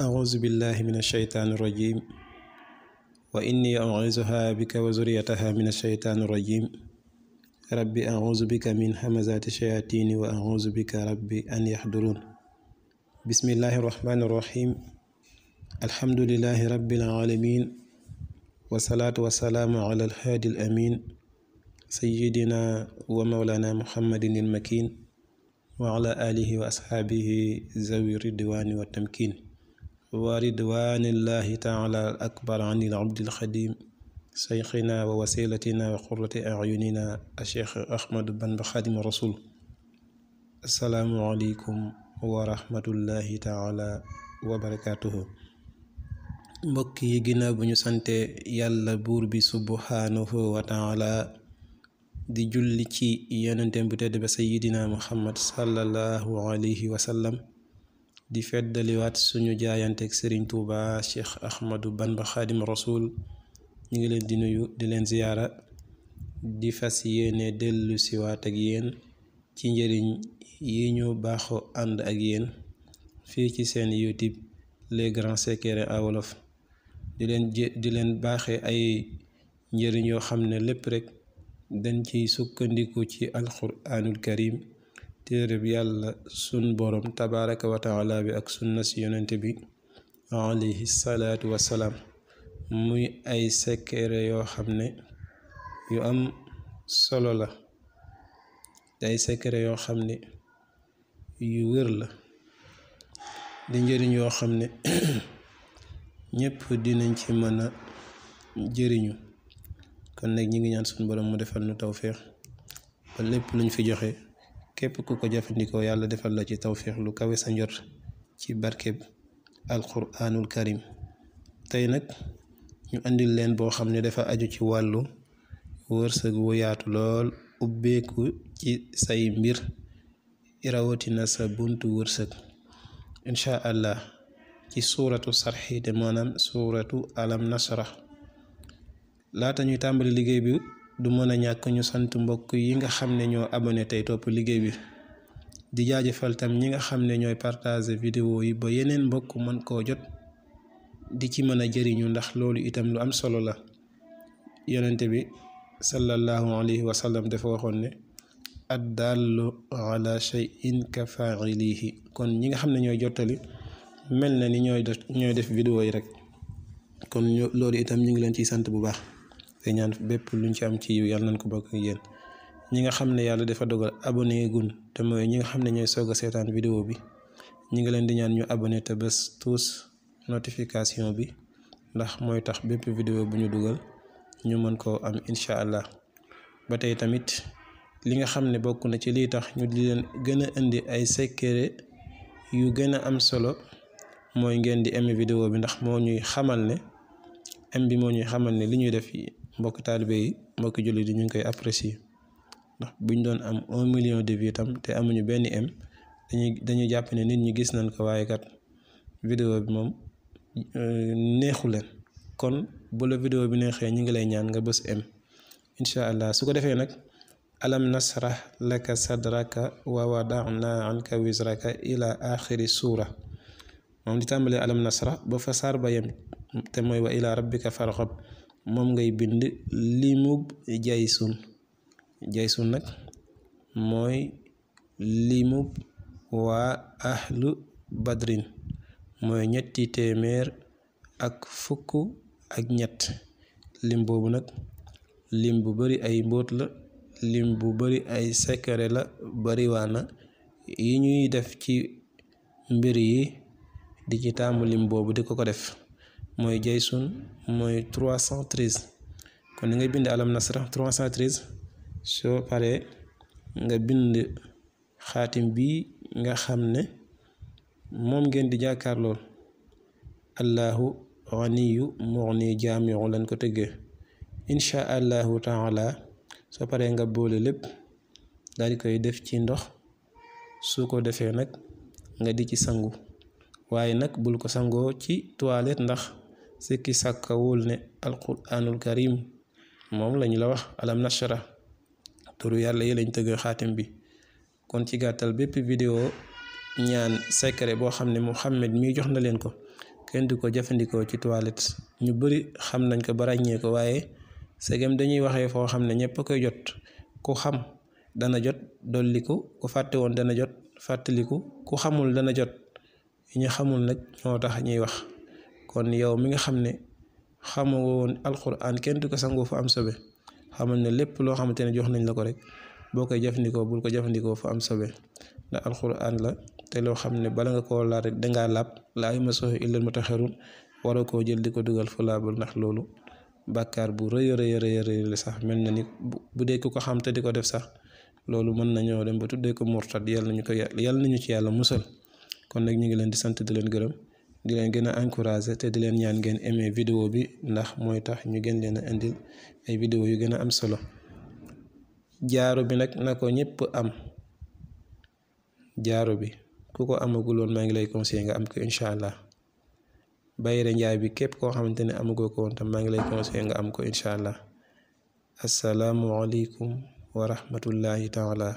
أعوذ بالله من الشيطان الرجيم وإني أعوذها بك وزريتها من الشيطان الرجيم ربي أعوذ بك من همزات الشياطين وأعوذ بك ربي أن يحضرون بسم الله الرحمن الرحيم الحمد لله رب العالمين والصلاة والسلام على الهادي الأمين سيدنا ومولانا محمد المكين وعلى آله وأصحابه ذوي الرضوان والتمكين wa ridwaanillahi taala al akbar an il abdil xadim seyxina wasilatina wa ayunina a ahmadu banba xadim rasul asalaamu aleykum wa rahmatullahi taala wa barakaatuhu mbokk yi ginnaaw bu ñu sante yàlla buur bi subhaanahu wa di julli ci yonenteem bu tedd sayidina muhammad sallallahu alayhi wa di feddaliwaat suñu jaayanteeg sëriñ tuuba cheikh ahmadu banba xaadim rasul ñu ngi leen di nuyu di leen ziyaara di fas yéene dellu ak yéen ci njëriñ yi ñu baaxoo ànd ak yéen fii ci seen youtube les grands secrets en di leen di leen baaxe ay njëriñ yoo xam ne lépp rek dañ ciy sukkandiku ci alquraanul karim téere bi yàlla sun boroom tabaraka wa taala bi ak sunna si yonent bi alayhi salaatu wasalaam muy ay sekkere yoo xam ne yu am solo la ay sekkere yoo xam ne yu wér la di njëriñ yoo xam ne ñépp dinañ ci mën a jëriñu kon nag ñi ngi ñaan suñu boroom mu defal nu tawféex ba lépp luñ fi joxe képp ku ko jëfandikoo yàlla defal la ci tawféex lu kawe sa njot ci barkeb alquraanul karim tey nag ñu indi leen boo xam ne dafa aju ci wàllu wërsëg wu yaatu lool ubbeeku ci say mbir rawatina sa buntu wërsëg incha allah ci suuratu sarxi te maanaam suuratu alam nasra laata ñuy tàmbali liggéey bi du mën a ñàkk ñu sant mbokk yi nga xam ne ñoo abonné tey topp liggéey bi di jaajëfal tam ñi nga xam ne ñooy partagé vidéo yi ba yeneen mbokk mën koo jot di ci mën a jëriñu ndax loolu itam lu am solo la yonente bi sallallahu alayhi wa sallam dafa waxoon ne ad dallu ala shay'in ka failihi kon ñi nga xam ne ñooy jottali mel na ni ñooy def ñooy def vidéo yi rek kon loolu itam ñu ngi leen ciy sant bu baax te ñaan bépp luñ ci am ci yiw yàlla nañ ko bokk ak yéen ñi nga xam ne yàlla dafa dogal abonné gun te mooy ñi nga xam ne ñooy soog seetaan vidéo bi ñi ngi leen di ñaan ñu abonné te bés tous notification bi ndax mooy tax bépp vidéo bu ñu dugal ñu mën koo am incha allah ba tey tamit li nga xam ne bokk na ci liy tax ñu di leen gën a indi ay secret yu gën a am solo mooy ngeen di aimé vidéo bi ndax moo ñuy xamal ne aim bi moo ñuy xamal ne li ñuy def mbokk taalibe yi mbokk jullit yi ñu ngi koy apprécier ndax ñu doon am un million de vues tam te amuñu benn m dañuy jàpp ne nit ñi gis nañ ko waaye kat vidéo bi moom euh, neexu kon bu la vidéo bi neexee ñu ngi lay ñaan nga bës m incha allah su ko defee nag alam nasra laka sadraka wa wadana wisraka ila axiri suura moom di tàmbalee alam nasrah ba fa saar ba yem te mooy wa ila rabbika farxab moom ngay bind limub jay jaysun nag mooy limub waa ahlu badrin mooy ñetti téeméer ak fukk ak ñett lim boobu nag lim bu bari ay mbóot la lim bu bari ay sekare la bariwaana yi ñuy def ci mbir yi di ci taamu lim boobu di ko ko def mooy jaysun mooy trois cent treize kon ni ngay bind alam nasra trois cent treize soo paree nga bind xaatim bi nga xam ne moom ngeen di jàkkaarloo lool allahu ganiyu mugni jaamiu lañ ko tëggee incha allahu taala soo paree nga boole lépp daal di koy def ci ndox su ko defee nag nga di ci sangu waaye nag bul ko sangoo ci toilette ndax sikki sàkkawul ne alquranul karim moom lañu la wax alam nashara turu yàlla yi lañ tëgg xaatim bi kon ci gàttal bépp vidéo ñaan secret boo xam ne Muhammad mii jox na leen ko kenn du ko jëfandikoo ci toilette ñu bari xam nañ ko ba ràññee ko waaye segem dañuy waxee foo xam ne ñëpp a koy jot ku xam dana jot dolliku ku fàtte woon dana jot fàttaliku ku xamul dana jot yi ñu xamul nag ñoo tax ñuy wax kon yow mi nga xam ne xamoo woon alquran kenn du ko sangoo fa am sobe xamal ne lépp loo xamante ne jox nañ la ko rek boo koy jëfandikoo bul ko jëfandikoo fa am sobe ndax alquran la te loo xam ne bala nga koo laal rek dangaa laab laa yamassuhu illal mutahharun waroo koo jël di ko dugal fu laabul ndax loolu bàkkaar bu rëy rëy rëy rëy la sax mel na nit bu dee ku ko xam te di ko def sax loolu mën nañoo dem ba tuddee ko murtad yàlla nañu ko yàlla nañu ci yàlla musal kon nag ñu ngi leen di sant di leen gërëm. di leen gën a encouragé te di leen ñaan ngeen aimé vidéo bi ndax mooy tax ñu gën leen a indil ay vidéo yu gën a am solo jaaro bi nag na ko ñëpp am jaaro bi ku ko amagul woon maa ngi lay conseillé nga am ko incha allah bayre njaay bi képp koo xamante ne amagoo ko woon tam maa ngi lay conseillé nga am ko incha allah asalaamualeykum wa rahmatullahi taala